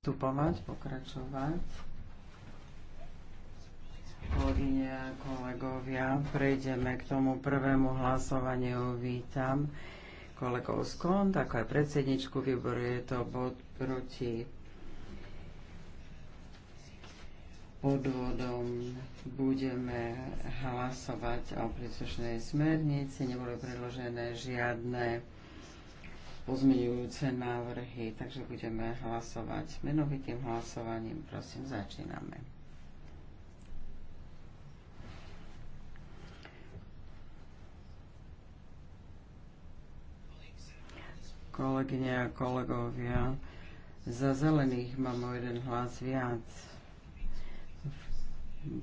vstupovať, pokračovať. Kolegyne a kolegovia, prejdeme k tomu prvému hlasovaniu. Vítam kolegov z KONT, ako aj predsedničku výboru. Je to bod proti podvodom. Budeme hlasovať o príslušnej smernici. Neboli predložené žiadne pozmeňujúce návrhy, takže budeme hlasovať menovitým hlasovaním. Prosím, začíname. Kolegyne a kolegovia, za zelených mám o jeden hlas viac.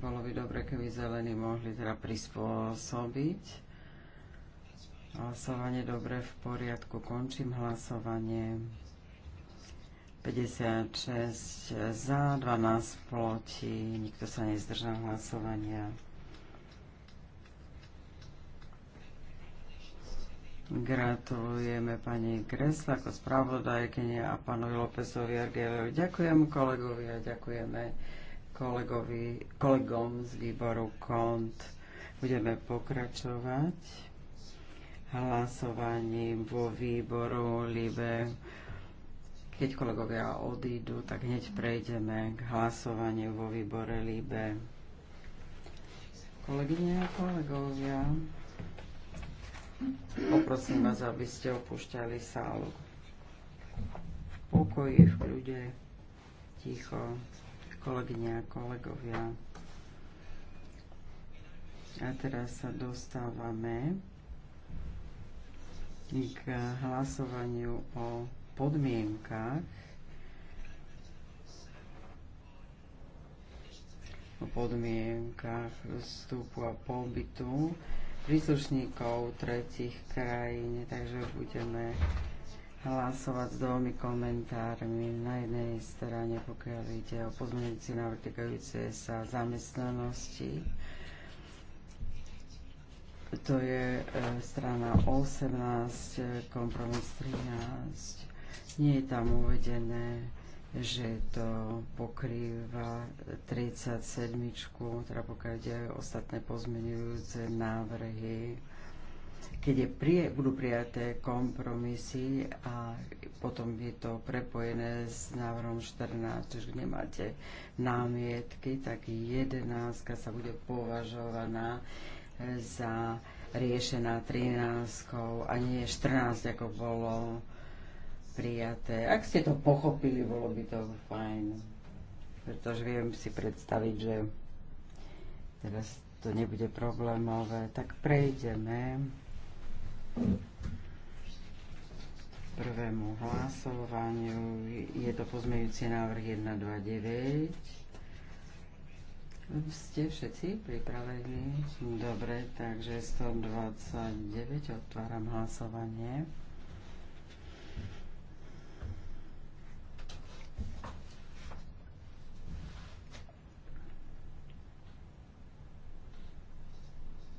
Bolo by dobre, keby zelení mohli teda prispôsobiť Hlasovanie dobre v poriadku. Končím hlasovanie. 56 za, 12 proti. Nikto sa nezdržal hlasovania. Gratulujeme pani Gresla ako spravodajkyne a pánovi Lópezovi Argelovi. Ďakujem kolegovi a ďakujeme kolegovi, kolegom z výboru KONT. Budeme pokračovať hlasovaním vo výboru LIBE. Keď kolegovia odídu, tak hneď prejdeme k hlasovaniu vo výbore LIBE. Kolegyne a kolegovia, poprosím vás, aby ste opúšťali sálu v pokoji, v kľude, ticho, kolegyne a kolegovia. A teraz sa dostávame k hlasovaniu o podmienkach o podmienkach vstupu a pobytu príslušníkov tretich krajín, takže budeme hlasovať s dvomi komentármi. Na jednej strane, pokiaľ ide o pozmeňujúci návrh týkajúce sa zamestnanosti, to je e, strana 18, e, kompromis 13. Nie je tam uvedené, že to pokrýva 37, teda pokiaľ ide ostatné pozmenujúce návrhy. Keď je prie, budú prijaté kompromisy a potom je to prepojené s návrhom 14, čiže nemáte námietky, tak 11 sa bude považovaná za riešená 13 a nie 14, ako bolo prijaté. Ak ste to pochopili, bolo by to fajn. Pretože viem si predstaviť, že teraz to nebude problémové. Tak prejdeme prvému hlasovaniu. Je to pozmejúci návrh 129. Ste všetci pripravení? Dobre, takže 129, otváram hlasovanie.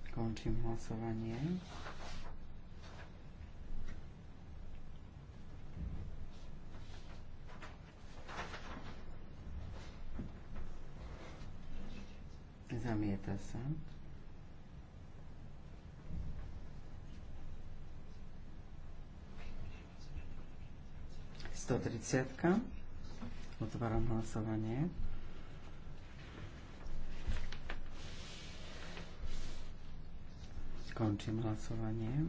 Končím hlasovanie. Zamieta sa. Sto tridsiatka. Otváram hlasovanie. Končím hlasovanie.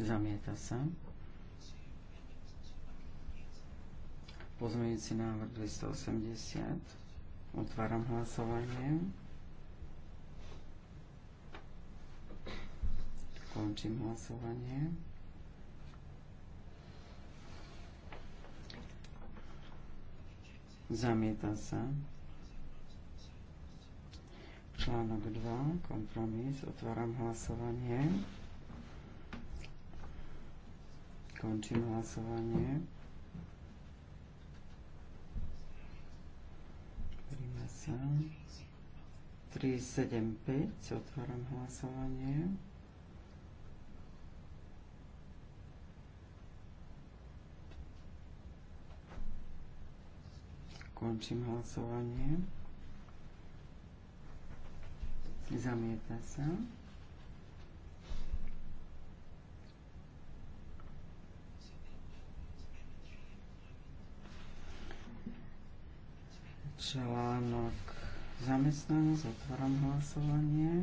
Zamieta sa. Pozmeňujúci návrh 280. Otváram hlasovanie. Končím hlasovanie. Zamieta sa. Článok 2, kompromis. Otváram hlasovanie. Končím hlasovanie. sa. 375, otváram hlasovanie. Končím hlasovanie. Zamieta sa. Článok zamestnanosť, otváram hlasovanie.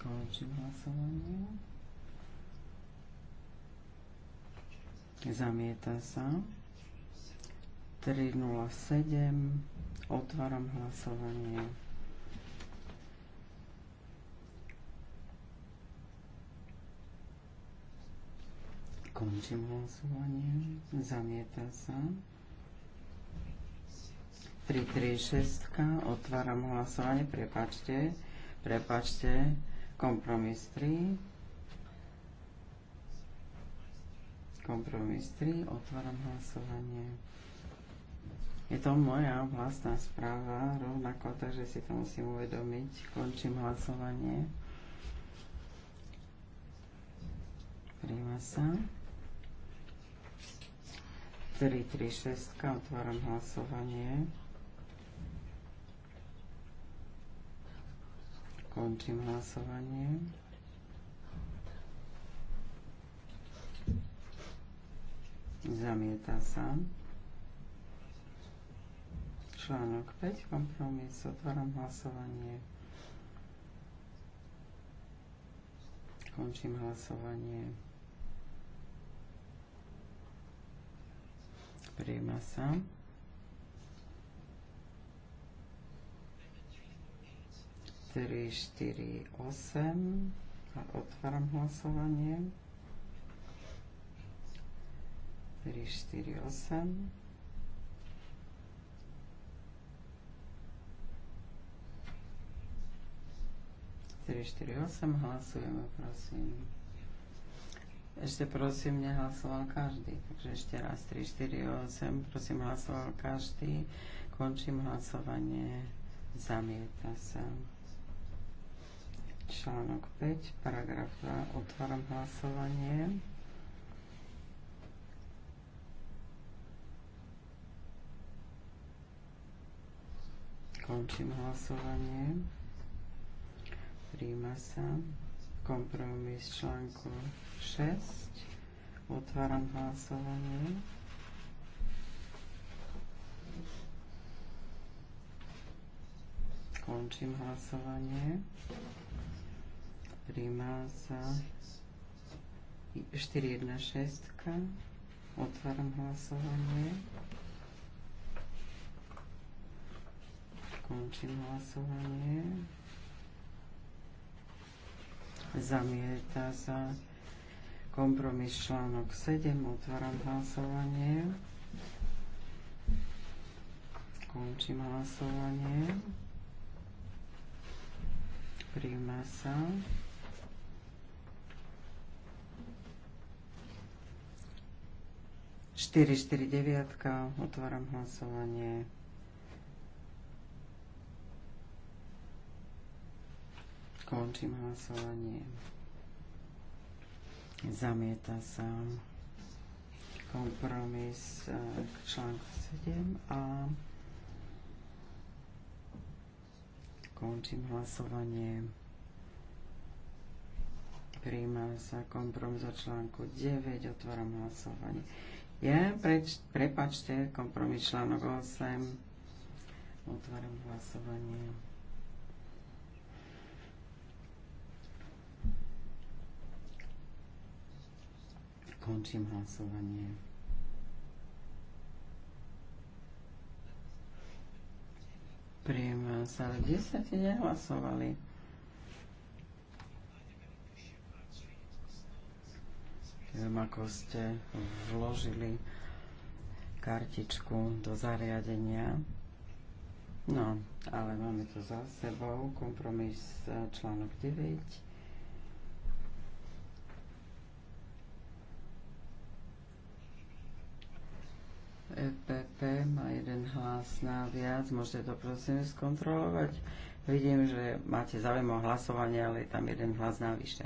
Končím hlasovanie. Zamieta sa. 307. Otváram hlasovanie. Končím hlasovanie. Zamieta sa. 6. Otváram hlasovanie. Prepačte. Prepačte. Kompromis 3. Kompromis 3. Otváram hlasovanie. Je to moja vlastná správa, rovnako, takže si to musím uvedomiť. Končím hlasovanie. Prima sa. 436. Otváram hlasovanie. Končím hlasovanie. Zamieta sa. Článok 5, kompromis, otváram hlasovanie. Končím hlasovanie. Príjma sa. Tri, štyri, osem. A otváram hlasovanie. Tri, štyri, osem. Tri, štyri, osem. Hlasujeme, prosím. Ešte prosím, nehlasoval každý. Takže ešte raz 3, 4, 8. Prosím, hlasoval každý. Končím hlasovanie. Zamieta sa. Článok 5, paragraf 2. Otváram hlasovanie. Končím hlasovanie. Príjma sa kompromis článku 6. Otváram hlasovanie. Končím hlasovanie. Príjma sa 416. Otváram hlasovanie. Končím hlasovanie zamieta sa. Kompromis článok 7, otváram hlasovanie. Končím hlasovanie. Príjme sa. Štyri, štyri, deviatka. Otváram hlasovanie. Končím hlasovanie. Zamieta sa kompromis e, k článku 7a. Končím hlasovanie. Príjma sa kompromis o článku 9. Otváram hlasovanie. Je, preč, prepačte, kompromis článok 8. Otváram hlasovanie. Končím hlasovanie. Prijíma sa, ale 10 nehlasovali. Viem, ako ste vložili kartičku do zariadenia. No, ale máme to za sebou. Kompromis eh, článok 9. PPP má jeden hlas na viac, môžete to prosím skontrolovať. Vidím, že máte záujem o hlasovanie, ale je tam jeden hlas navyše.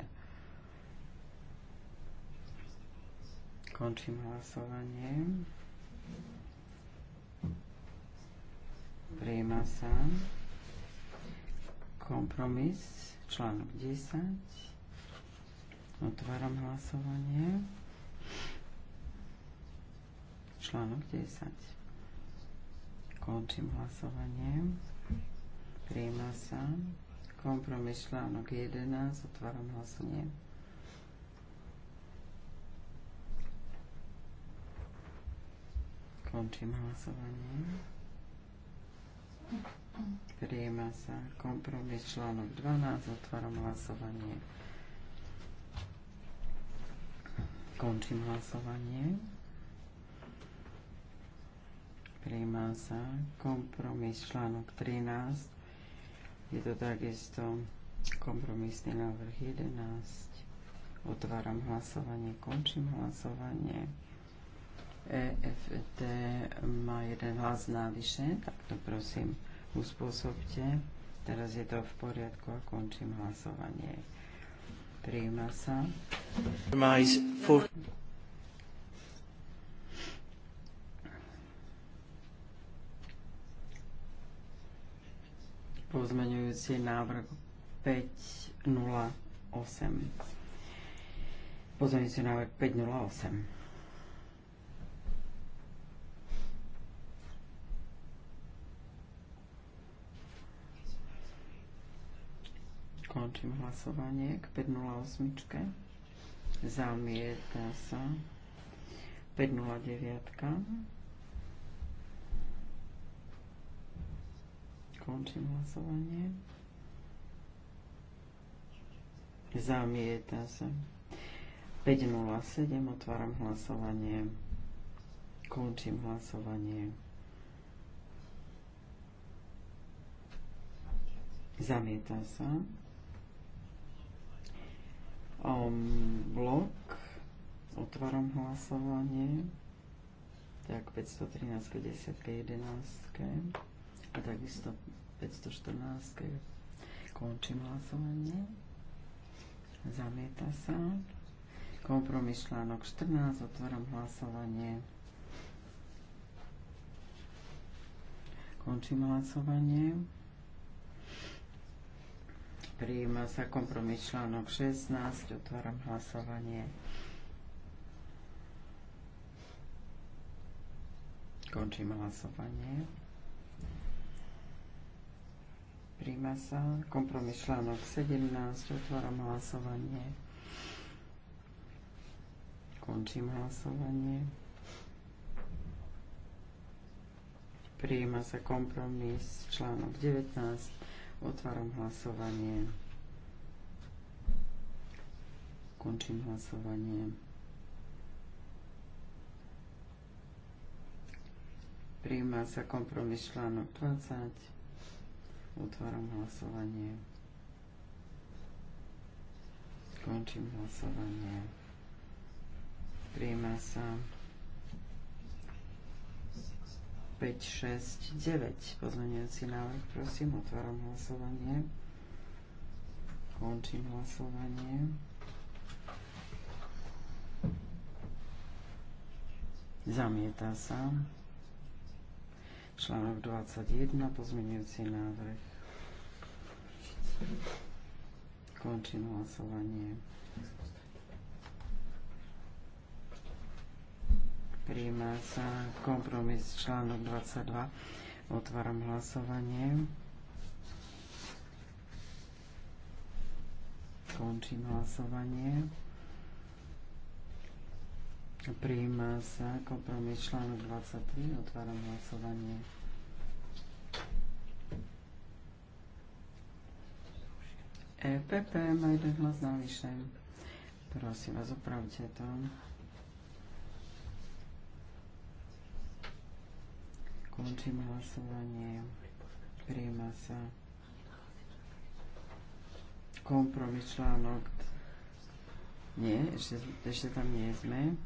Končím hlasovanie. Prijíma sa kompromis, článok 10. Otváram hlasovanie. Článok 10. Končím hlasovanie. Príjma sa. Kompromis článok 11. Otváram hlasovanie. Končím hlasovanie. Príjma sa kompromis článok 12. Otváram hlasovanie. Končím hlasovanie. Príjma sa kompromis článok 13. Je to takisto kompromisný návrh 11. Otváram hlasovanie, končím hlasovanie. EFT má jeden hlas navyše, tak to prosím uspôsobte. Teraz je to v poriadku a končím hlasovanie. Príjma sa. Pozmeňujúci návrh 508. Pozmeňujúci návrh 508. Končím hlasovanie k 508. Zamieta sa 509. Končím hlasovanie. Zamieta sa. 5.07. Otváram hlasovanie. Končím hlasovanie. Zamieta sa. Um, blok. Otváram hlasovanie. Tak 513, 50, 11 a takisto 514. Končím hlasovanie. Zamieta sa. Kompromis článok 14. Otváram hlasovanie. Končím hlasovanie. Prijíma sa kompromis článok 16. Otváram hlasovanie. Končím hlasovanie. Príjma sa kompromis článok 17. Otváram hlasovanie. Končím hlasovanie. Príjma sa kompromis článok 19. Otváram hlasovanie. Končím hlasovanie. Príjma sa kompromis článok 20. Otváram hlasovanie. Končím hlasovanie. Príjma sa 5, 6, 9. Pozmeňujúci návrh, prosím, otváram hlasovanie. Končím hlasovanie. Zamieta sa. Článok 21, pozmeňujúci návrh. Končím hlasovanie. Príjma sa kompromis článok 22. Otváram hlasovanie. Končím hlasovanie. Prijíma sa kompromis článok 23. Otváram hlasovanie. EPP má jeden hlas navyše. Prosím vás, opravte to. Končím hlasovanie. Prijíma sa kompromis článok. Nie, ešte, ešte tam nie sme.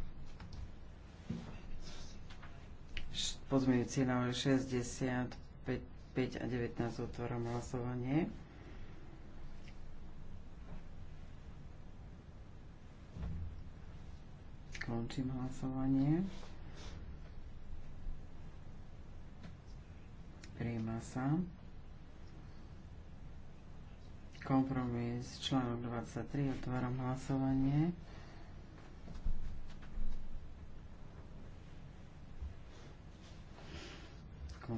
pozmeňujúci na 60, 5, 5 a 19 otváram hlasovanie. Končím hlasovanie. Príjma sa. Kompromis článok 23. Otváram hlasovanie.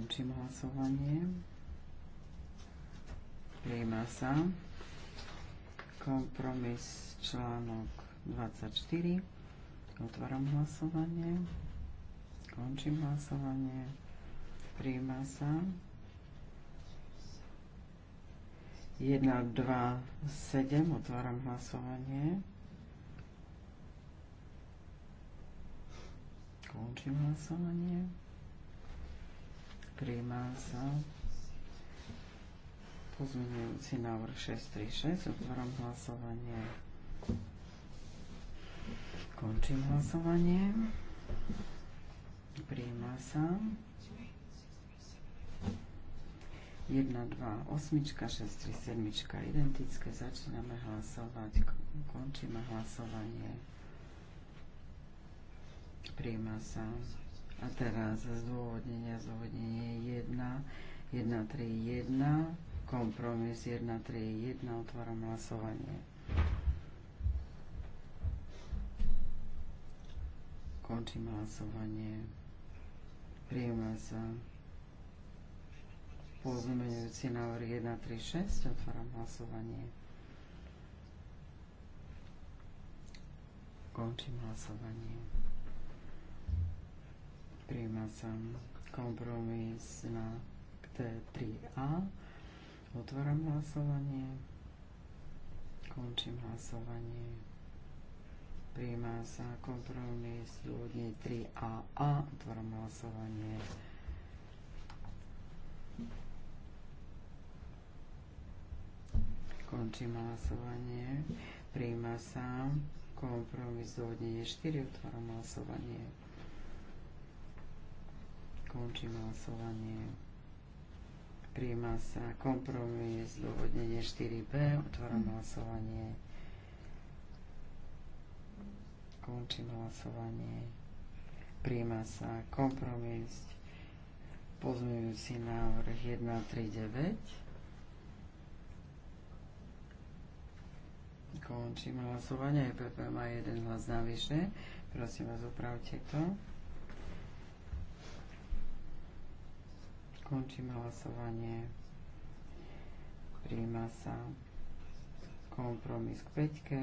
Končím hlasovanie. Prijíma sa kompromis článok 24. Otváram hlasovanie. Končím hlasovanie. Prijíma sa. 1, 2, 7. Otváram hlasovanie. Končím hlasovanie. Príjma sa pozmeňujúci návrh 636. Otváram hlasovanie. Končím hlasovanie. Príjma sa. 1, 2, 8, 6, 3, 7, identické. Začíname hlasovať. Končíme hlasovanie. Príjma sa. A teraz zdôvodnenia, zdôvodnenie 1, 1, 3, 1, kompromis 1, 3, 1, otváram hlasovanie. Končím hlasovanie. Príjme sa pozmeňujúci návrh 1, 3, 6, otváram hlasovanie. Končím hlasovanie hlasami. Kompromis na T3A. Otváram hlasovanie. Končím hlasovanie. Príjma sa kompromis dôvodne 3AA. Otváram hlasovanie. Končím hlasovanie. Príjma sa kompromis dôvodne 4. Otváram hlasovanie. Končím hlasovanie. Príjma sa kompromis, dôvodnenie 4b. Otváram hlasovanie. Končím hlasovanie. Príjma sa kompromis, pozmeňujúci návrh 139. Končím hlasovanie. EPP má jeden hlas navyše. Prosím vás, upravte to. Končím hlasovanie. Príjma sa kompromis k peťke.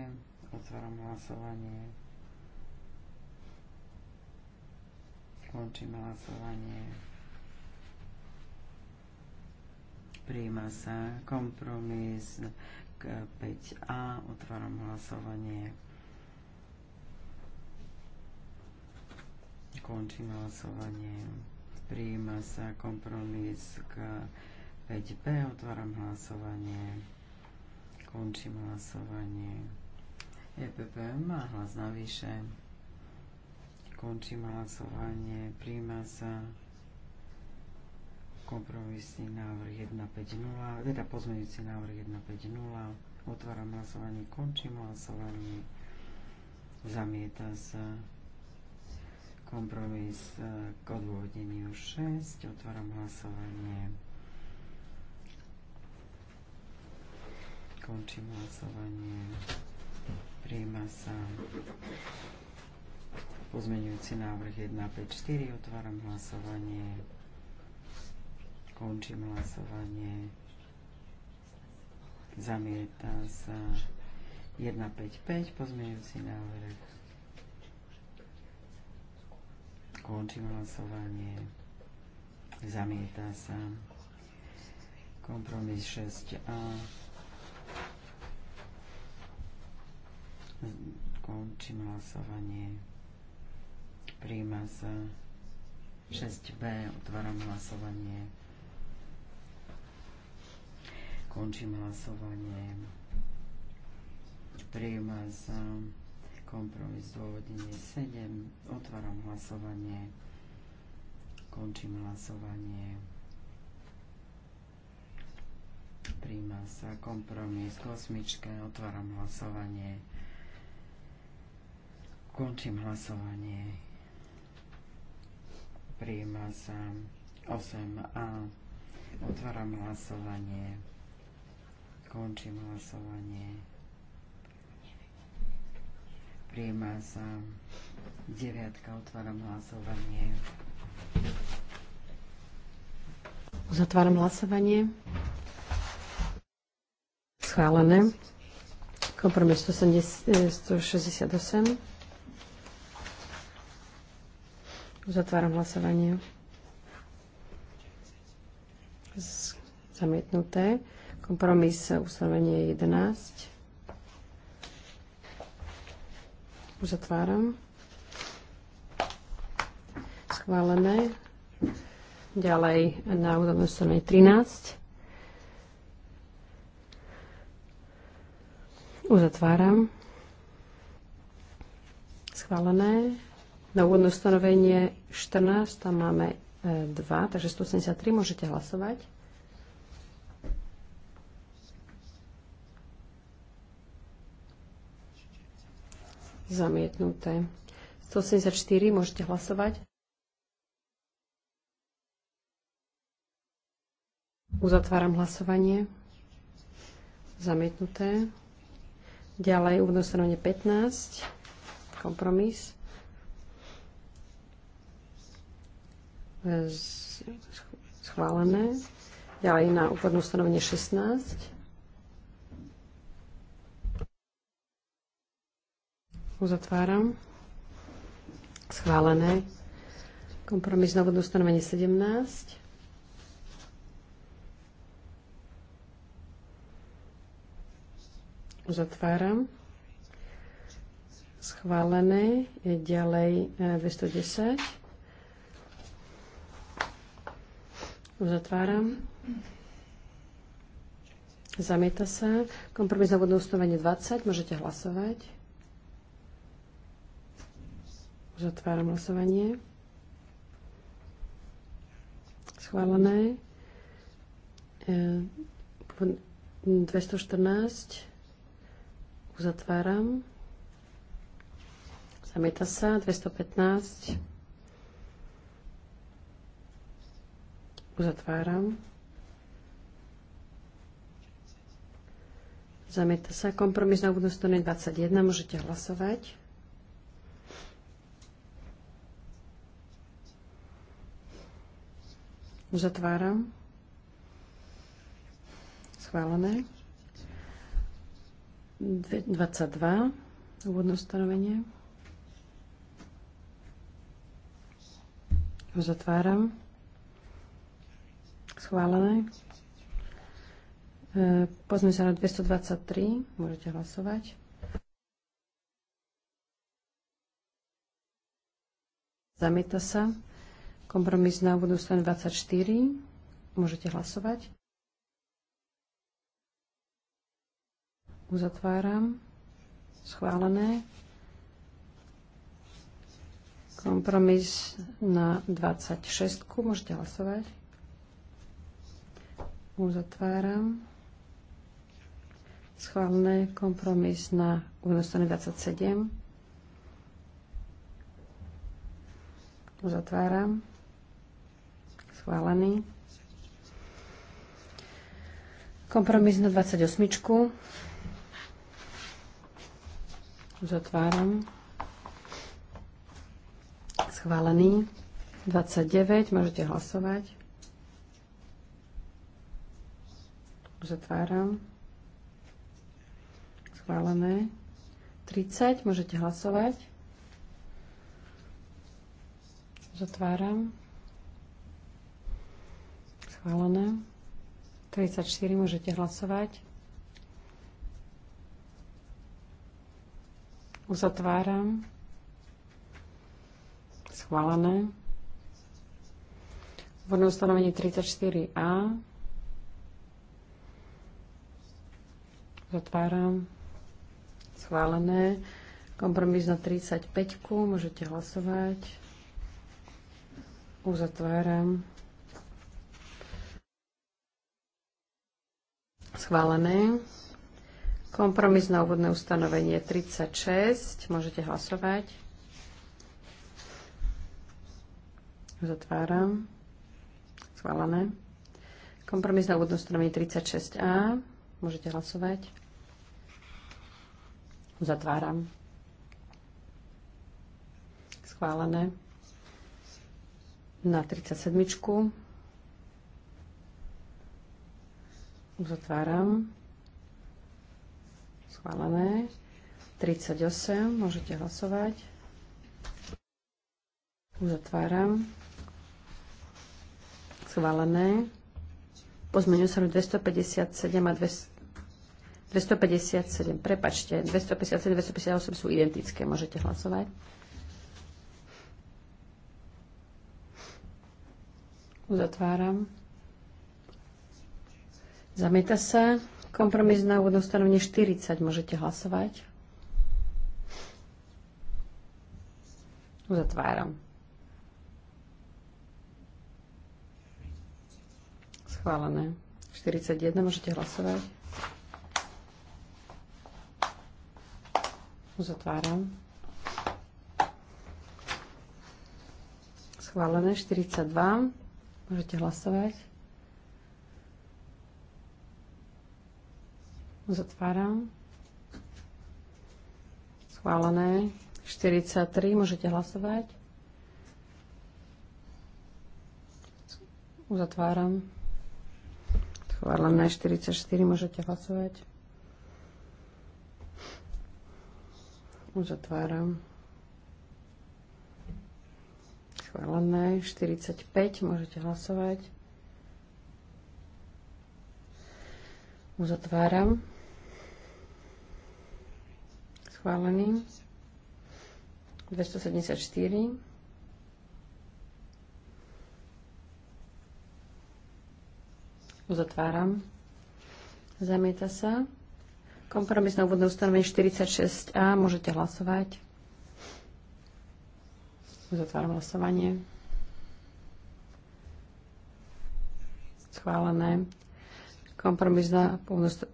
Otváram hlasovanie. Končím hlasovanie. Príjma sa kompromis k 5A. Otváram hlasovanie. Končím hlasovanie Prijíma sa kompromis k 5B. Otváram hlasovanie. Končím hlasovanie. EPP má hlas navyše. Končím hlasovanie. Prijíma sa kompromisný návrh 1.5.0, teda pozmeňujúci návrh 1.5.0. Otváram hlasovanie, končím hlasovanie. Zamieta sa kompromis e, k odôvodneniu 6. Otváram hlasovanie. Končím hlasovanie. Príjma sa pozmeňujúci návrh 154. Otváram hlasovanie. Končím hlasovanie. Zamieta sa 155. Pozmeňujúci návrh Končím hlasovanie. Zamieta sa. Kompromis 6a. Končím hlasovanie. Príjma sa 6b. Otváram hlasovanie. Končím hlasovanie. Príjma sa Kompromis dôvodenie 7. Otváram hlasovanie. Končím hlasovanie. Príjma sa kompromis k osmičke. Otváram hlasovanie. Končím hlasovanie. Príjma sa 8a. Otváram hlasovanie. Končím hlasovanie Príjma sa deviatka. Otváram hlasovanie. Uzatváram hlasovanie. Schválené. Kompromis 168. Uzatváram hlasovanie. zamietnuté. Kompromis ustanovenie 11. Uzatváram. Schválené. Ďalej na úrovni strane 13. Uzatváram. Schválené. Na úvodné stanovenie 14, tam máme 2, e, takže 183 môžete hlasovať. Zamietnuté. 184, môžete hlasovať. Uzatváram hlasovanie. Zamietnuté. Ďalej úvodné 15. Kompromis. Schválené. Ďalej na úvodné stanovenie 16. Uzatváram. Schválené. Kompromis na úvodné ustanovenie 17. Uzatváram. Schválené. Je ďalej 210. Eh, Uzatváram. Zamieta sa. Kompromis na úvodné ustanovenie 20. Môžete hlasovať. Zatváram hlasovanie. Schválené. 214. E, Uzatváram. Zamieta sa. 215. Uzatváram. Zamieta sa. Kompromis na úvodnú 21. Môžete hlasovať. Uzatváram. Schválené. 22. Úvodné ustanovenie. Uzatváram. Schválené. E, pozme sa na 223. Môžete hlasovať. Zamieta sa. Kompromis na úvodu 24. Môžete hlasovať. Uzatváram. Schválené. Kompromis na 26. Môžete hlasovať. Uzatváram. Schválené kompromis na úvodu 27. Uzatváram. Schválený. Kompromis na 28. Zatváram. Schválený. 29. Môžete hlasovať. Zatváram. Schválené. 30. Môžete hlasovať. Zatváram schválené. 34 môžete hlasovať. Uzatváram. Schválené. Vodné ustanovenie 34a. Zatváram. Schválené. Kompromis na 35. Môžete hlasovať. Uzatváram. schválené. Kompromis na úvodné ustanovenie 36. Môžete hlasovať. Zatváram. Schválené. Kompromis na úvodné ustanovenie 36a. Môžete hlasovať. Zatváram. Schválené. Na 37. Uzatváram. Schválené. 38. Môžete hlasovať. Uzatváram. Schválené. Pozmeňujú sa 257 a 200 257, prepačte, 257, 258 sú identické, môžete hlasovať. Uzatváram. Zamieta sa. Kompromis na úvodnom stanovne 40. Môžete hlasovať. Uzatváram. Schválené. 41. Môžete hlasovať. Uzatváram. Schválené 42. Môžete hlasovať. Zatváram. Schválené. 43, môžete hlasovať. Uzatváram. Schválené 44, môžete hlasovať. Uzatváram. Schválené 45, môžete hlasovať. Uzatváram. Schválený. 274. Uzatváram. Zamieta sa. Kompromis na úvodné ustanovenie 46a. Môžete hlasovať. Uzatváram hlasovanie. Schválené. Kompromis na,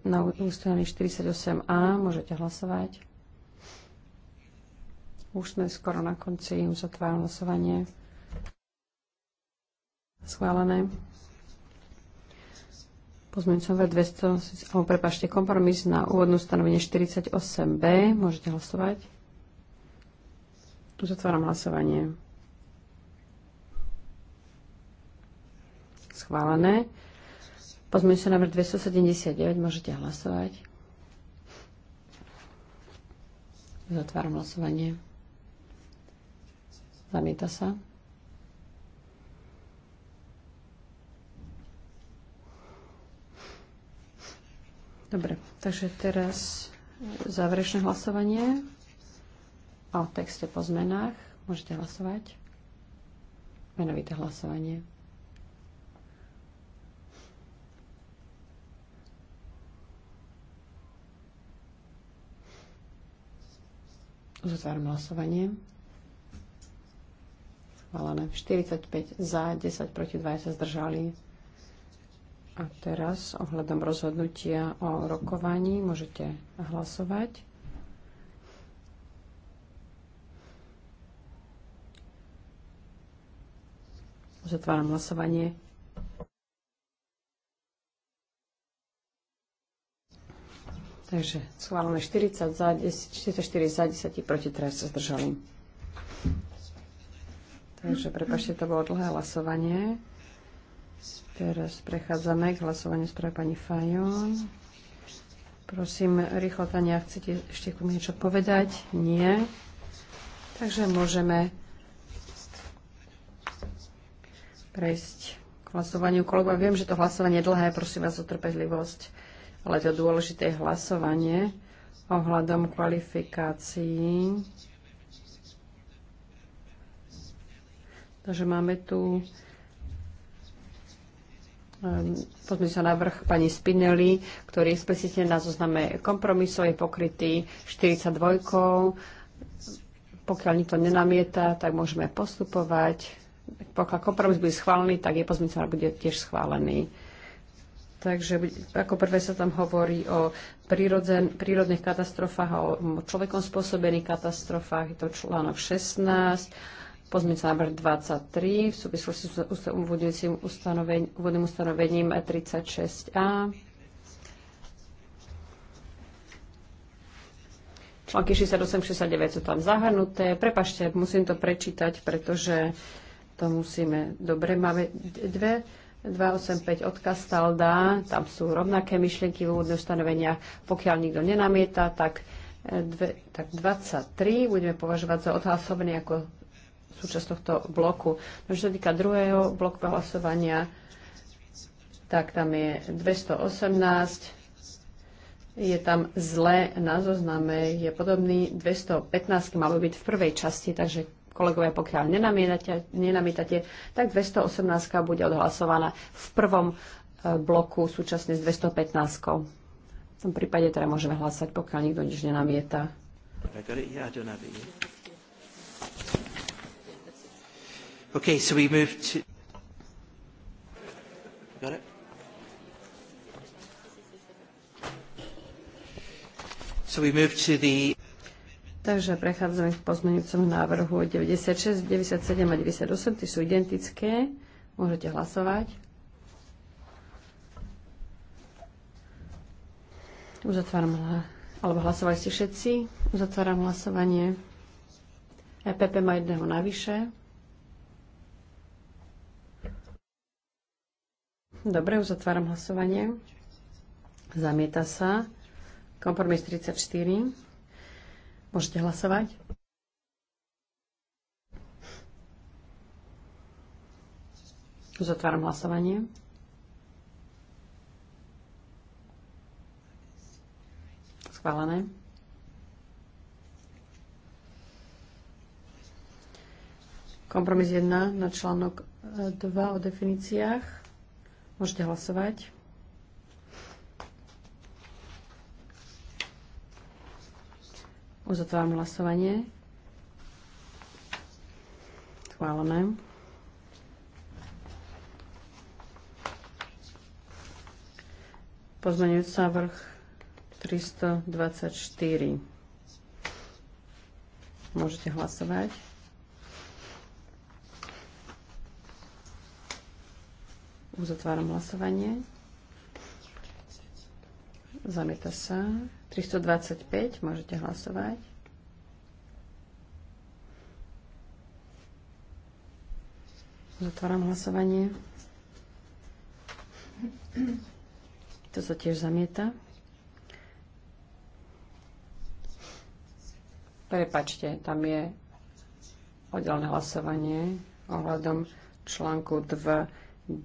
na ustanovenie 48a. Môžete hlasovať. Už sme skoro na konci, uzatváram hlasovanie. Schválené. Pozmeňcové 200, alebo prepašte, kompromis na úvodnú stanovenie 48b. Môžete hlasovať. zatváram hlasovanie. Schválené. Pozmeňujúci návrh 279. Môžete hlasovať. Zatváram hlasovanie. Zamieta sa. Dobre, takže teraz záverečné hlasovanie o texte po zmenách. Môžete hlasovať. Menovité hlasovanie. Uzatváram hlasovanie schválené. 45 za, 10 proti 2 sa zdržali. A teraz ohľadom rozhodnutia o rokovaní môžete hlasovať. Zatváram hlasovanie. Takže schválené 40 za, 10, 44 za, 10 proti, 3 sa zdržali. Takže prepašte, to bolo dlhé hlasovanie. Teraz prechádzame k hlasovaniu správy pani Fajon. Prosím, rýchlo, Tania, chcete ešte ku niečo povedať? Nie. Takže môžeme prejsť k hlasovaniu. Kolegovia, viem, že to hlasovanie je dlhé, prosím vás o trpezlivosť, ale to dôležité je hlasovanie ohľadom kvalifikácií Takže máme tu ehm, pozme sa na vrch pani Spinelli, ktorý explicitne na zozname kompromisov je pokrytý 42. Pokiaľ nikto nenamieta, tak môžeme postupovať. Pokiaľ kompromis bude schválený, tak je pozmeňujúci návrh bude tiež schválený. Takže ako prvé sa tam hovorí o prírodzen, prírodných katastrofách, o človekom spôsobených katastrofách, je to článok 16 Pozmeňujúci návrh 23 v súvislosti s úvodným ustanovením 36a. Články 68, 69 sú tam zahrnuté. Prepašte, musím to prečítať, pretože to musíme. Dobre, máme dve. 285 odkaz Stalda, tam sú rovnaké myšlienky v úvodných ustanoveniach. Pokiaľ nikto nenamieta, tak, e, dve, tak 23 budeme považovať za odhlasovaný ako súčasť tohto bloku. No, čo sa týka druhého bloku hlasovania, tak tam je 218, je tam zle na zozname, je podobný 215, malo byť v prvej časti, takže kolegovia, pokiaľ nenamietate, tak 218 bude odhlasovaná v prvom e, bloku súčasne s 215. V tom prípade teda môžeme hlasať, pokiaľ nikto nič nenamieta. Okay, so we move to... Got it? So we move to the... Takže prechádzame k pozmeňujúcemu návrhu 96, 97 a 98. Tí sú identické. Môžete hlasovať. Uzatváram alebo hlasovali ste všetci. Uzatváram hlasovanie. EPP má jedného navyše. Dobre, zatváram hlasovanie. Zamieta sa. Kompromis 34. Môžete hlasovať. Zatváram hlasovanie. Schválené. Kompromis 1 na článok 2 e, o definíciách. Môžete hlasovať. Uzatváram hlasovanie. Schválené. Pozmeňujúci vrch 324. Môžete hlasovať. Uzatváram hlasovanie. Zamieta sa. 325, môžete hlasovať. Zatváram hlasovanie. To sa tiež zamieta. Prepačte, tam je oddelené hlasovanie ohľadom článku 2 9,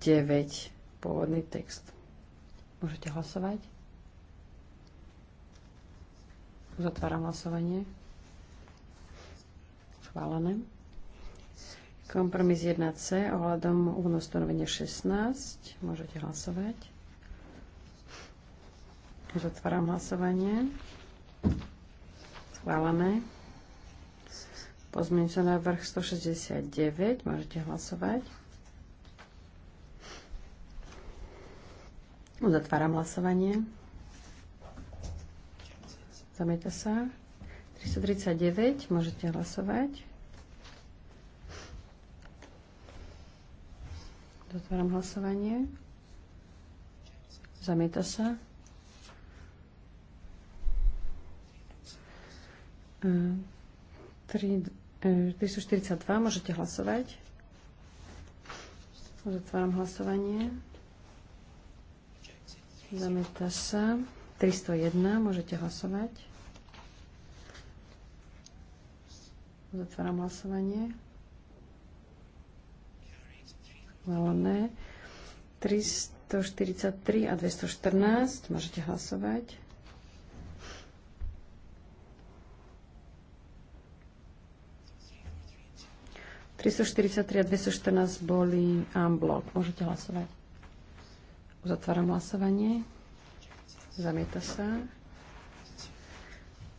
pôvodný text. Môžete hlasovať. Uzatváram hlasovanie. Schválené. Kompromis 1C ohľadom úvodného 16. Môžete hlasovať. Uzatváram hlasovanie. Schválené. Pozmeňujúci návrh 169. Môžete hlasovať. Uzatváram hlasovanie. Zamieta sa. 339, môžete hlasovať. Zatváram hlasovanie. Zamieta sa. e, 342, e, môžete hlasovať. Zatváram hlasovanie. Zamieta sa. 301, môžete hlasovať. Zatváram hlasovanie. Valené. 343 a 214, môžete hlasovať. Tristo a 214 boli unblock. Môžete hlasovať. Uzatváram hlasovanie. Zamieta sa.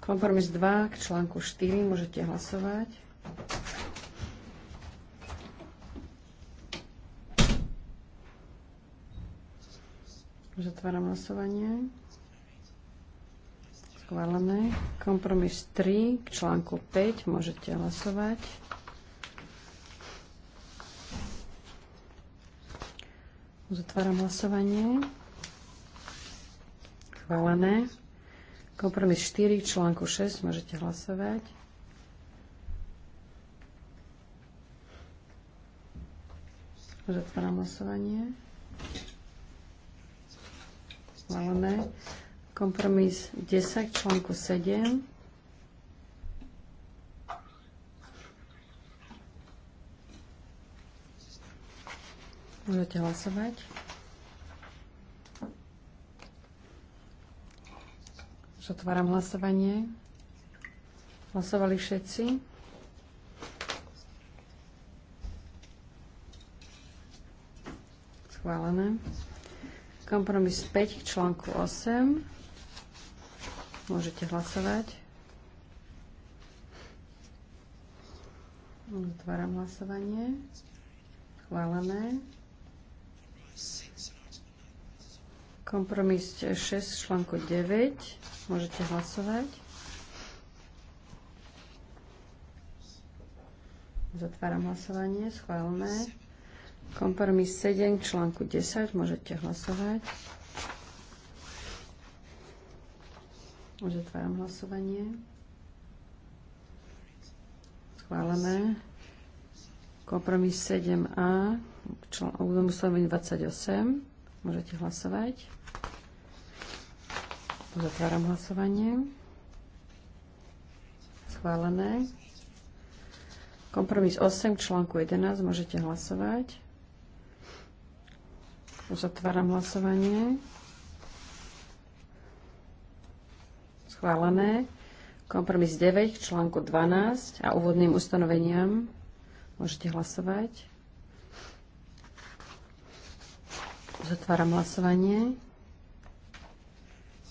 Kompromis 2 k článku 4 môžete hlasovať. Zatváram hlasovanie. Schválené. Kompromis 3 k článku 5 môžete hlasovať. Uzatváram hlasovanie. Chválené. Kompromis 4, článku 6, môžete hlasovať. Uzatváram hlasovanie. Chválené. Kompromis 10, článku 7. Môžete hlasovať. Už otváram hlasovanie. Hlasovali všetci. Schválené. Kompromis 5 k článku 8. Môžete hlasovať. Otváram hlasovanie. Schválené. Kompromis 6 článku 9. Môžete hlasovať. Zatváram hlasovanie. Schválne. Kompromis 7 článku 10. Môžete hlasovať. Uzatváram hlasovanie. Schválené. Kompromis 7a k 28. Môžete hlasovať. Zatváram hlasovanie. Schválené. Kompromis 8 k článku 11. Môžete hlasovať. Uzatváram hlasovanie. Schválené. Kompromis 9 k článku 12 a úvodným ustanoveniam. Môžete hlasovať. Zatváram hlasovanie.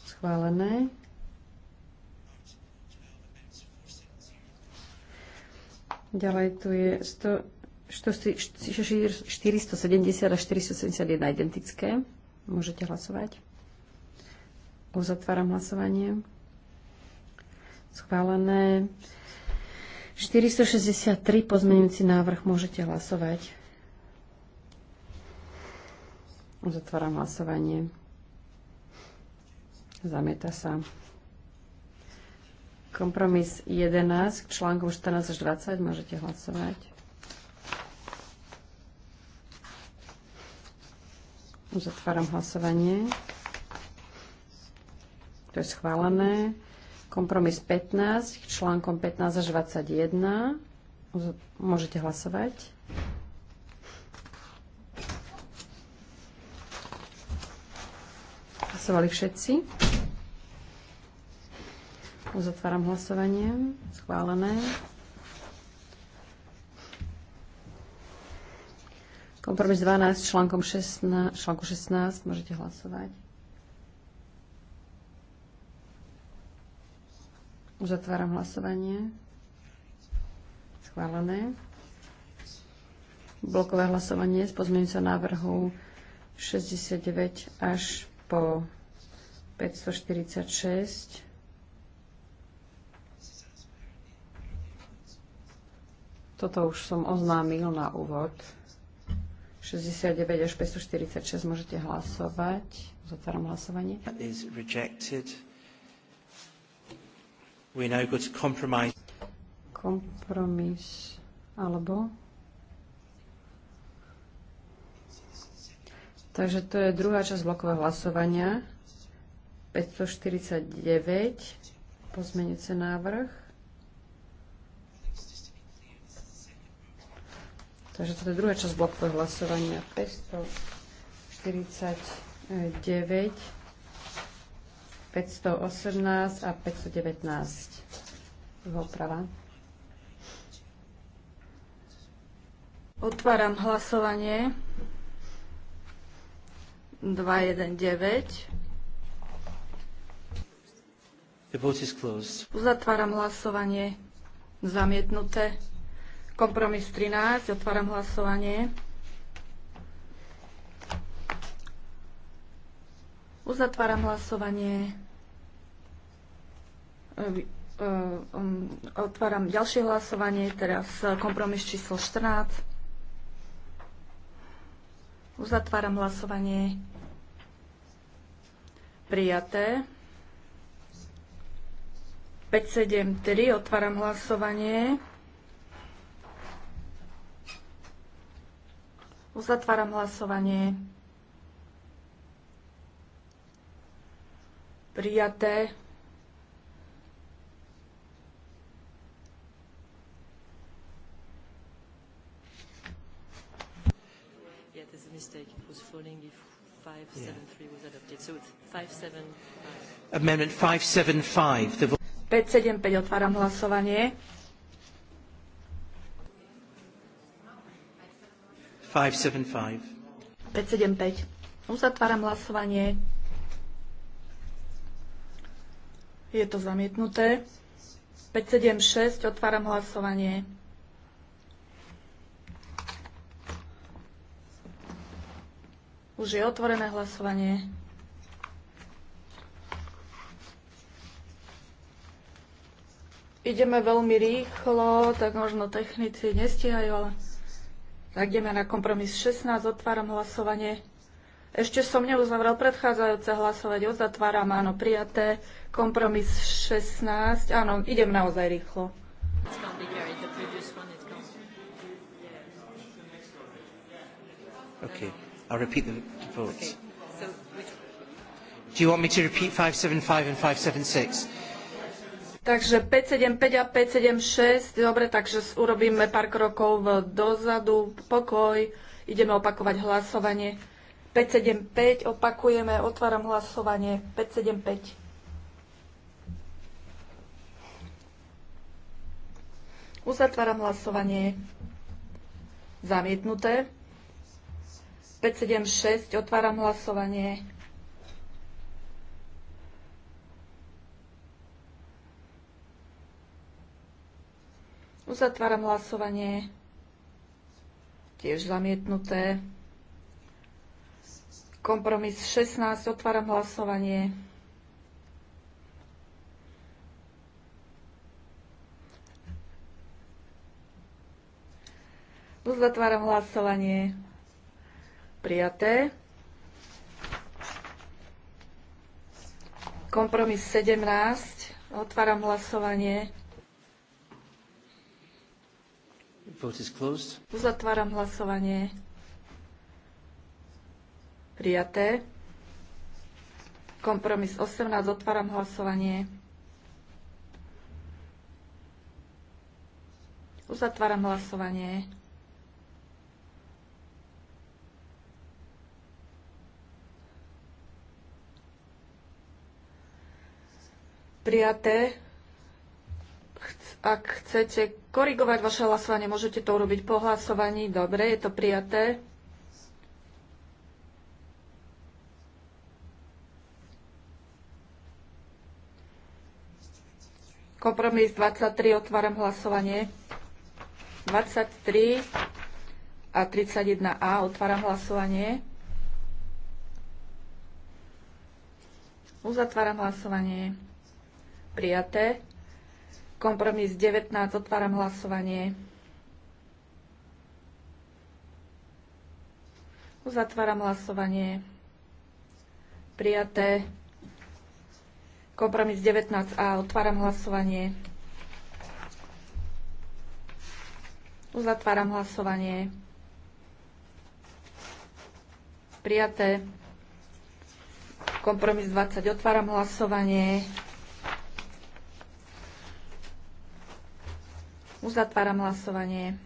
Schválené. Ďalej tu je 100, 470 a 471 identické. Môžete hlasovať. Uzatváram hlasovanie. Schválené. 463 pozmeňujúci návrh môžete hlasovať. Uzatváram hlasovanie. Zamieta sa. Kompromis 11 k článku 14 až 20. Môžete hlasovať. Uzatváram hlasovanie. To je schválené. Kompromis 15 k článkom 15 až 21. Môžete hlasovať. Hlasovali všetci. Uzatváram hlasovanie. Schválené. Kompromis 12 článkom 16, článku 16 môžete hlasovať. Uzatváram hlasovanie. Schválené. Blokové hlasovanie z pozmeňujúceho návrhu 69 až po 546. Toto už som oznámil na úvod. 69 až 546 môžete hlasovať. Zatváram hlasovanie. Kompromis alebo Takže to je druhá časť blokového hlasovania. 549, pozmenujúce návrh. Takže toto je druhá časť blokového hlasovania. 549, 518 a 519. Voprava. Otváram hlasovanie. 219. Uzatváram hlasovanie. Zamietnuté. Kompromis 13. Otváram hlasovanie. Uzatváram hlasovanie. E, e, um, otváram ďalšie hlasovanie. Teraz kompromis číslo 14. Uzatváram hlasovanie. Prijaté. 573, otváram hlasovanie. Uzatváram hlasovanie. Prijaté. Amendment 575. The 575 otváram hlasovanie. 575. 575. Uzatváram hlasovanie. Je to zamietnuté. 576. Otváram hlasovanie. Už je otvorené hlasovanie. ideme veľmi rýchlo, tak možno technici nestihajú, ale tak ideme na kompromis 16, otváram hlasovanie. Ešte som neuzavrel predchádzajúce hlasovať, ozatváram, áno, prijaté. Kompromis 16, áno, idem naozaj rýchlo. Okay, I'll repeat the, the votes. Okay. So, which... Do you want me to repeat 575 and 576? Takže 575 a 576, dobre, takže urobíme pár krokov dozadu, pokoj, ideme opakovať hlasovanie. 575, opakujeme, otváram hlasovanie, 575. Uzatváram hlasovanie. Zamietnuté. 576, otváram hlasovanie. Uzatváram hlasovanie. Tiež zamietnuté. Kompromis 16. Otváram hlasovanie. Uzatváram hlasovanie. Prijaté. Kompromis 17. Otváram hlasovanie. Uzatváram hlasovanie. Prijaté. Kompromis 18. Otváram hlasovanie. Uzatváram hlasovanie. Prijaté ak chcete korigovať vaše hlasovanie, môžete to urobiť po hlasovaní. Dobre, je to prijaté. Kompromis 23, otváram hlasovanie. 23 a 31a, otváram hlasovanie. Uzatváram hlasovanie. Prijaté. Kompromis 19. Otváram hlasovanie. Uzatváram hlasovanie. Prijaté. Kompromis 19a. Otváram hlasovanie. Uzatváram hlasovanie. Prijaté. Kompromis 20. Otváram hlasovanie. Uzatváram hlasovanie.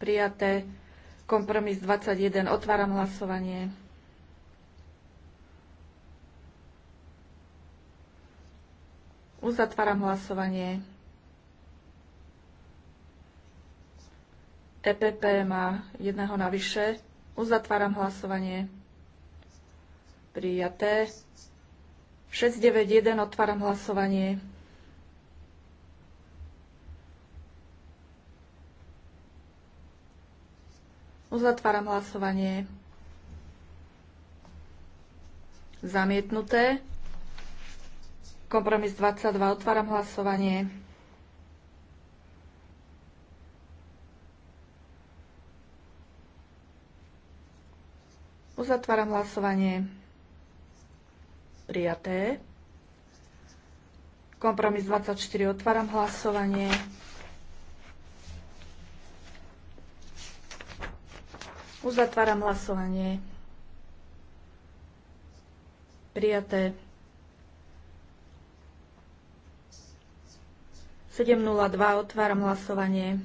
Prijaté. Kompromis 21. Otváram hlasovanie. Uzatváram hlasovanie. EPP má jedného navyše. Uzatváram hlasovanie. Prijaté. 691. Otváram hlasovanie. Uzatváram hlasovanie. Zamietnuté. Kompromis 22. Otváram hlasovanie. Uzatváram hlasovanie. Prijaté. Kompromis 24. Otváram hlasovanie. Uzatváram hlasovanie. Prijaté. 7.02. Otváram hlasovanie.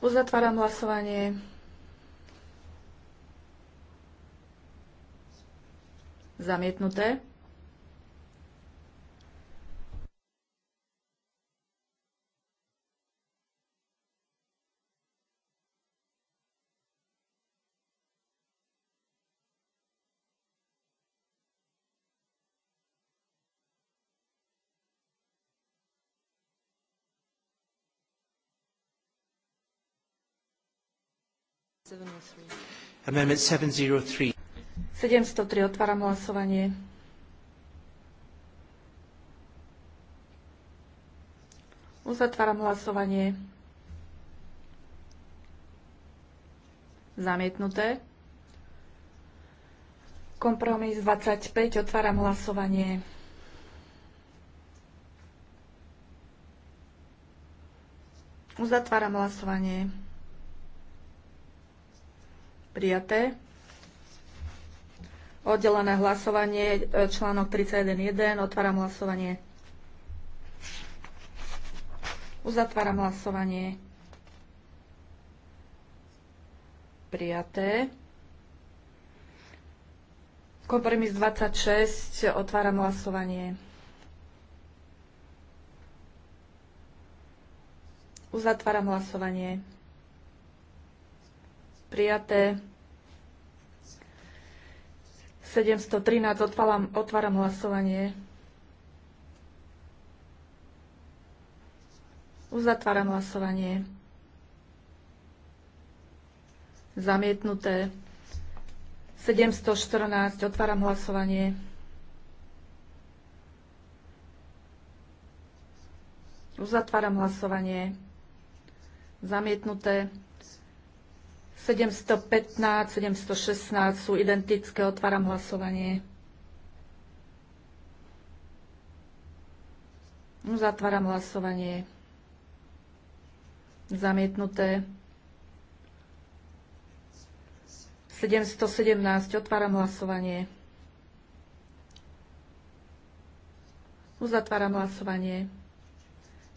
Uzatváram hlasovanie. Zamietnuté. Amendment 703. 703 otváram hlasovanie. Uzatváram hlasovanie. Zamietnuté. Kompromis 25. Otváram hlasovanie. Uzatváram hlasovanie. Prijaté. Oddelené hlasovanie, e, článok 31.1. Otváram hlasovanie. Uzatváram hlasovanie. Prijaté. Kompromis 26. Otváram hlasovanie. Uzatváram hlasovanie. Prijaté. 713. Otváram, otváram hlasovanie. Uzatváram hlasovanie. Zamietnuté. 714. Otváram hlasovanie. Uzatváram hlasovanie. Zamietnuté. 715, 716 sú identické. Otváram hlasovanie. Zatváram hlasovanie. Zamietnuté. 717. Otváram hlasovanie. Uzatváram hlasovanie.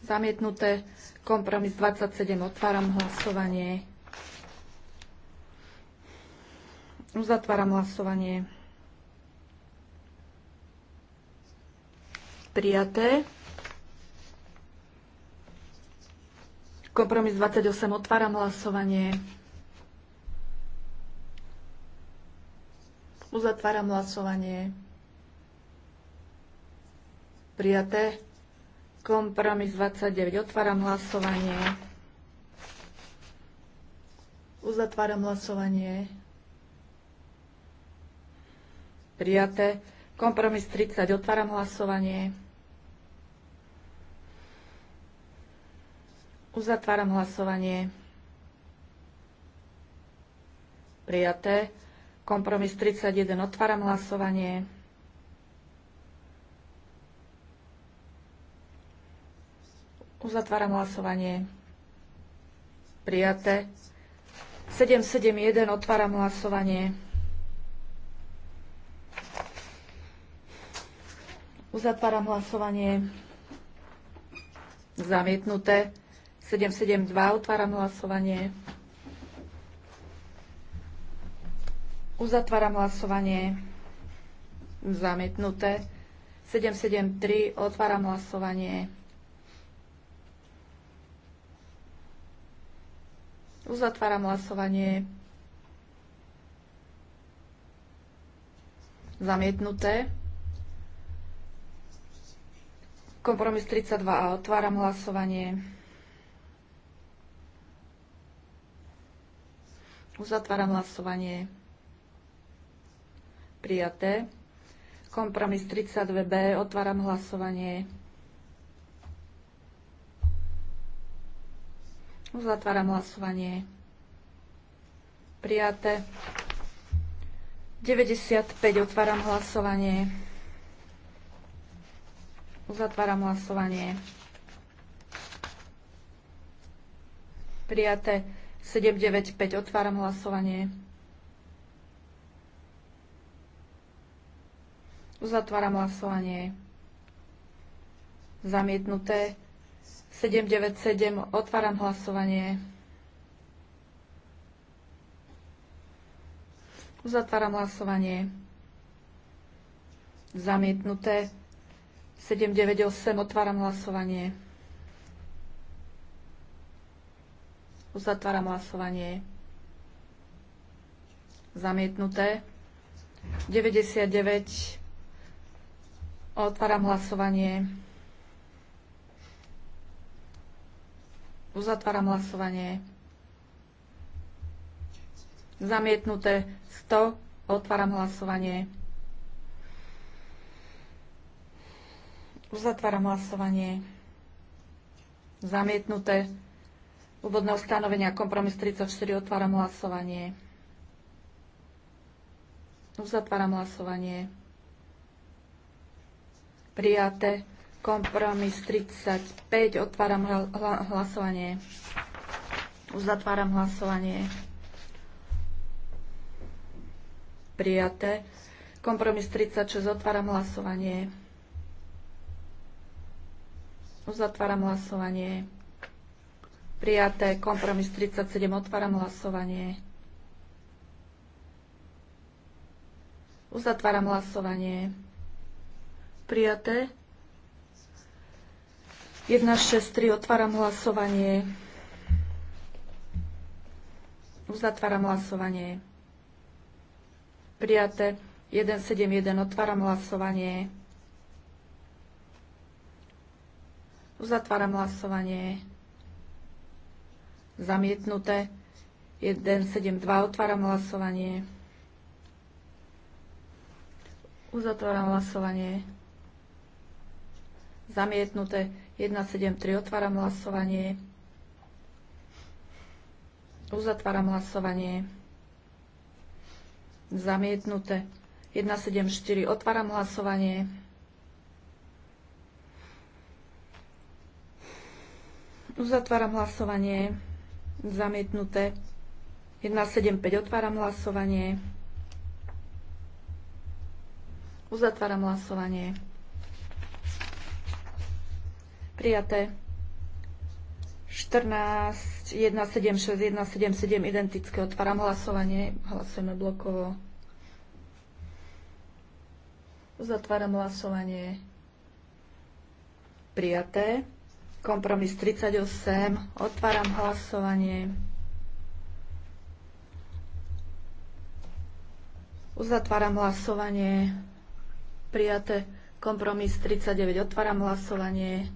Zamietnuté. Kompromis 27. Otváram hlasovanie. Uzatváram hlasovanie. Prijaté. Kompromis 28. Otváram hlasovanie. Uzatváram hlasovanie. Prijaté. Kompromis 29. Otváram hlasovanie. Uzatváram hlasovanie. Prijaté. Kompromis 30. Otváram hlasovanie. Uzatváram hlasovanie. Prijaté. Kompromis 31. Otváram hlasovanie. Uzatváram hlasovanie. Prijaté. 771. Otváram hlasovanie. Uzatváram hlasovanie. Zamietnuté. 772. Otváram hlasovanie. Uzatváram hlasovanie. Zamietnuté. 773. Otváram hlasovanie. Uzatváram hlasovanie. Zamietnuté. Kompromis 32a. Otváram hlasovanie. Uzatváram hlasovanie. Prijaté. Kompromis 32b. Otváram hlasovanie. Uzatváram hlasovanie. Prijaté. 95. Otváram hlasovanie. Uzatváram hlasovanie. Prijaté 795. Otváram hlasovanie. Uzatváram hlasovanie. Zamietnuté 797. Otváram hlasovanie. Uzatváram hlasovanie. Zamietnuté 798. Otváram hlasovanie. Uzatváram hlasovanie. Zamietnuté. 99. Otváram hlasovanie. Uzatváram hlasovanie. Zamietnuté 100. Otváram hlasovanie. Uzatváram hlasovanie. Zamietnuté. Úvodné ustanovenia kompromis 34. Otváram hlasovanie. Uzatváram hlasovanie. Prijaté. Kompromis 35. Otváram hlasovanie. Uzatváram hlasovanie. Prijaté. Kompromis 36. Otváram hlasovanie. Uzatváram hlasovanie. Prijaté. Kompromis 37. Otváram hlasovanie. Uzatváram hlasovanie. Prijaté. 3. Otváram hlasovanie. Uzatváram hlasovanie. Prijaté. 1 Otváram hlasovanie. Uzatváram hlasovanie. Zamietnuté. 2. Otváram hlasovanie. Uzatváram hlasovanie. Zamietnuté. 3. Otváram hlasovanie. Uzatváram hlasovanie. Zamietnuté. 4. Otváram hlasovanie. Uzatváram hlasovanie. Zamietnuté. 175 otváram hlasovanie. Uzatváram hlasovanie. Prijaté. 14, 7, 7, identické. Otváram hlasovanie. Hlasujeme blokovo. Uzatváram hlasovanie. Prijaté. Kompromis 38. Otváram hlasovanie. Uzatváram hlasovanie. Prijaté. Kompromis 39. Otváram hlasovanie.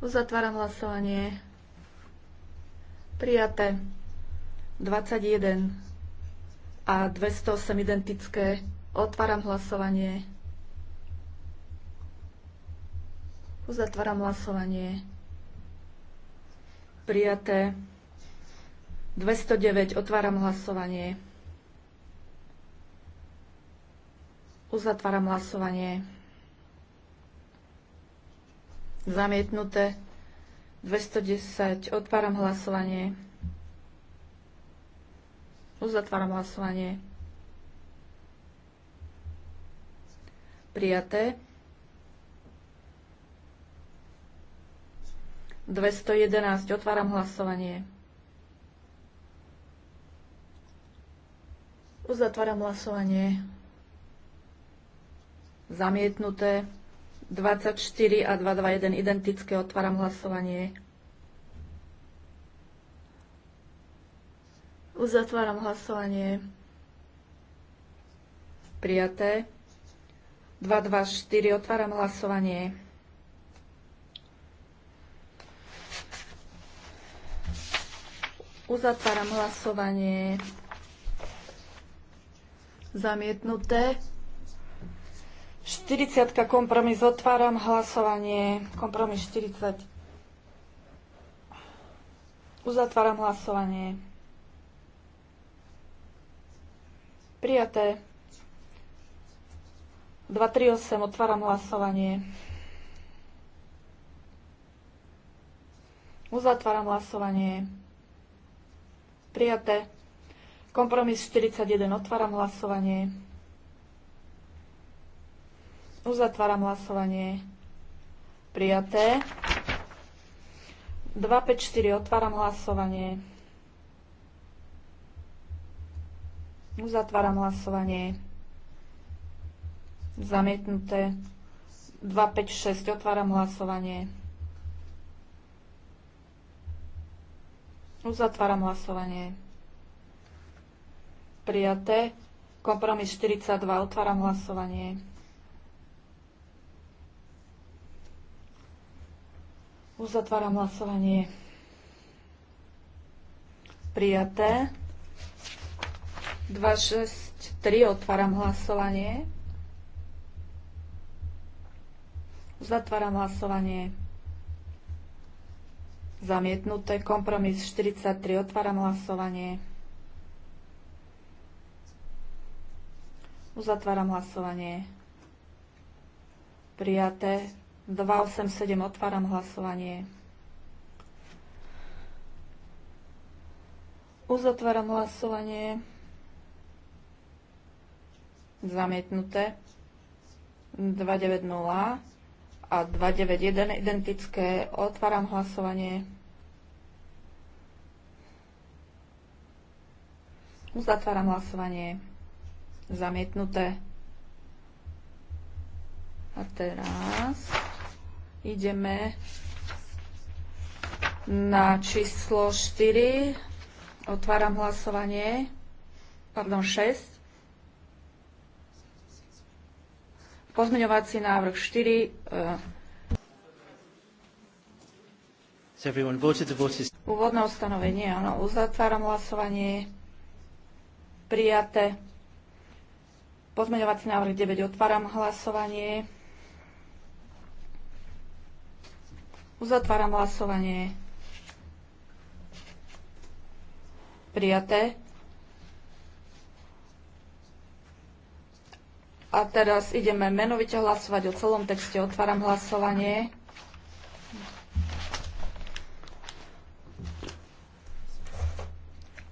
Uzatváram hlasovanie. Prijaté. 21 a 208 identické. Otváram hlasovanie. Uzatváram hlasovanie. Prijaté. 209. Otváram hlasovanie. Uzatváram hlasovanie. Zamietnuté. 210. Otváram hlasovanie. Uzatváram hlasovanie. Prijaté. 211. Otváram hlasovanie. Uzatváram hlasovanie. Zamietnuté. 24 a 221 identické. Otváram hlasovanie. Uzatváram hlasovanie. Prijaté. 224. Otváram hlasovanie. Uzatváram hlasovanie. Zamietnuté. 40 kompromis. Otváram hlasovanie. Kompromis 40. Uzatváram hlasovanie. Prijaté. 238. Otváram hlasovanie. Uzatváram hlasovanie. Prijaté. Kompromis 41. Otváram hlasovanie. Uzatváram hlasovanie. Prijaté. 254. Otváram hlasovanie. Uzatváram hlasovanie. Zamietnuté. 256. Otváram hlasovanie. Uzatváram hlasovanie. Prijaté. Kompromis 42. Otváram hlasovanie. Uzatváram hlasovanie. Prijaté. 263. Otváram hlasovanie. Uzatváram hlasovanie. Zamietnuté. Kompromis 43. Otváram hlasovanie. Uzatváram hlasovanie. Prijaté. 287. Otváram hlasovanie. Uzatváram hlasovanie. Zamietnuté. 290 a 291 identické. Otváram hlasovanie. Uzatváram hlasovanie. Zamietnuté. A teraz ideme na číslo 4. Otváram hlasovanie. Pardon, 6. Pozmeňovací návrh 4. Eh, úvodné ustanovenie, áno, uzatváram hlasovanie. Prijaté. Pozmeňovací návrh 9, otváram hlasovanie. Uzatváram hlasovanie. Prijaté. A teraz ideme menovite hlasovať o celom texte. Otváram hlasovanie.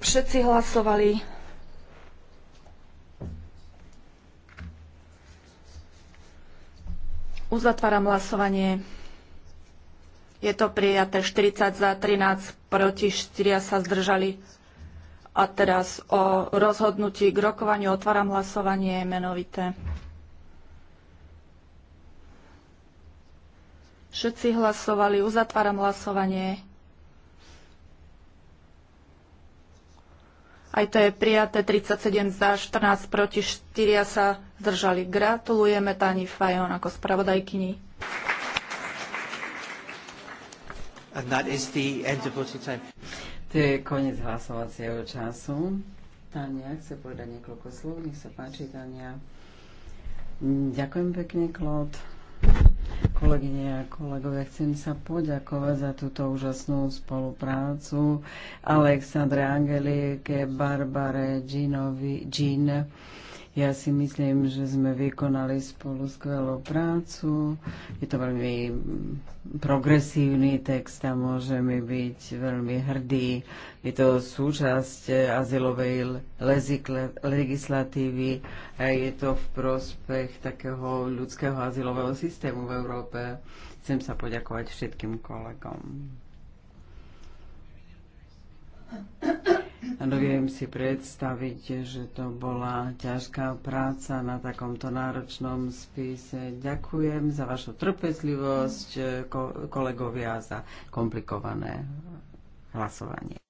Všetci hlasovali. Uzatváram hlasovanie. Je to prijaté 40 za 13, proti 4 sa zdržali. A teraz o rozhodnutí k rokovaniu otváram hlasovanie menovité. Všetci hlasovali, uzatváram hlasovanie. Aj to je prijaté 37 za 14 proti 4 sa zdržali. Gratulujeme Tani Fajon ako spravodajkyni. And that is the end of voting time. To je koniec hlasovacieho času. Tania chce povedať niekoľko slov. Nech sa páči, Tania. Ďakujem pekne, Klod. Kolegyne a kolegovia, chcem sa poďakovať za túto úžasnú spoluprácu Aleksandre Angelike, Barbare, Ginovi, Jean ja si myslím, že sme vykonali spolu skvelú prácu. Je to veľmi progresívny text a môžeme byť veľmi hrdí. Je to súčasť eh, azylovej legislatívy a je to v prospech takého ľudského azylového systému v Európe. Chcem sa poďakovať všetkým kolegom. A viem si predstaviť, že to bola ťažká práca na takomto náročnom spise. Ďakujem za vašu trpezlivosť, kolegovia, za komplikované hlasovanie.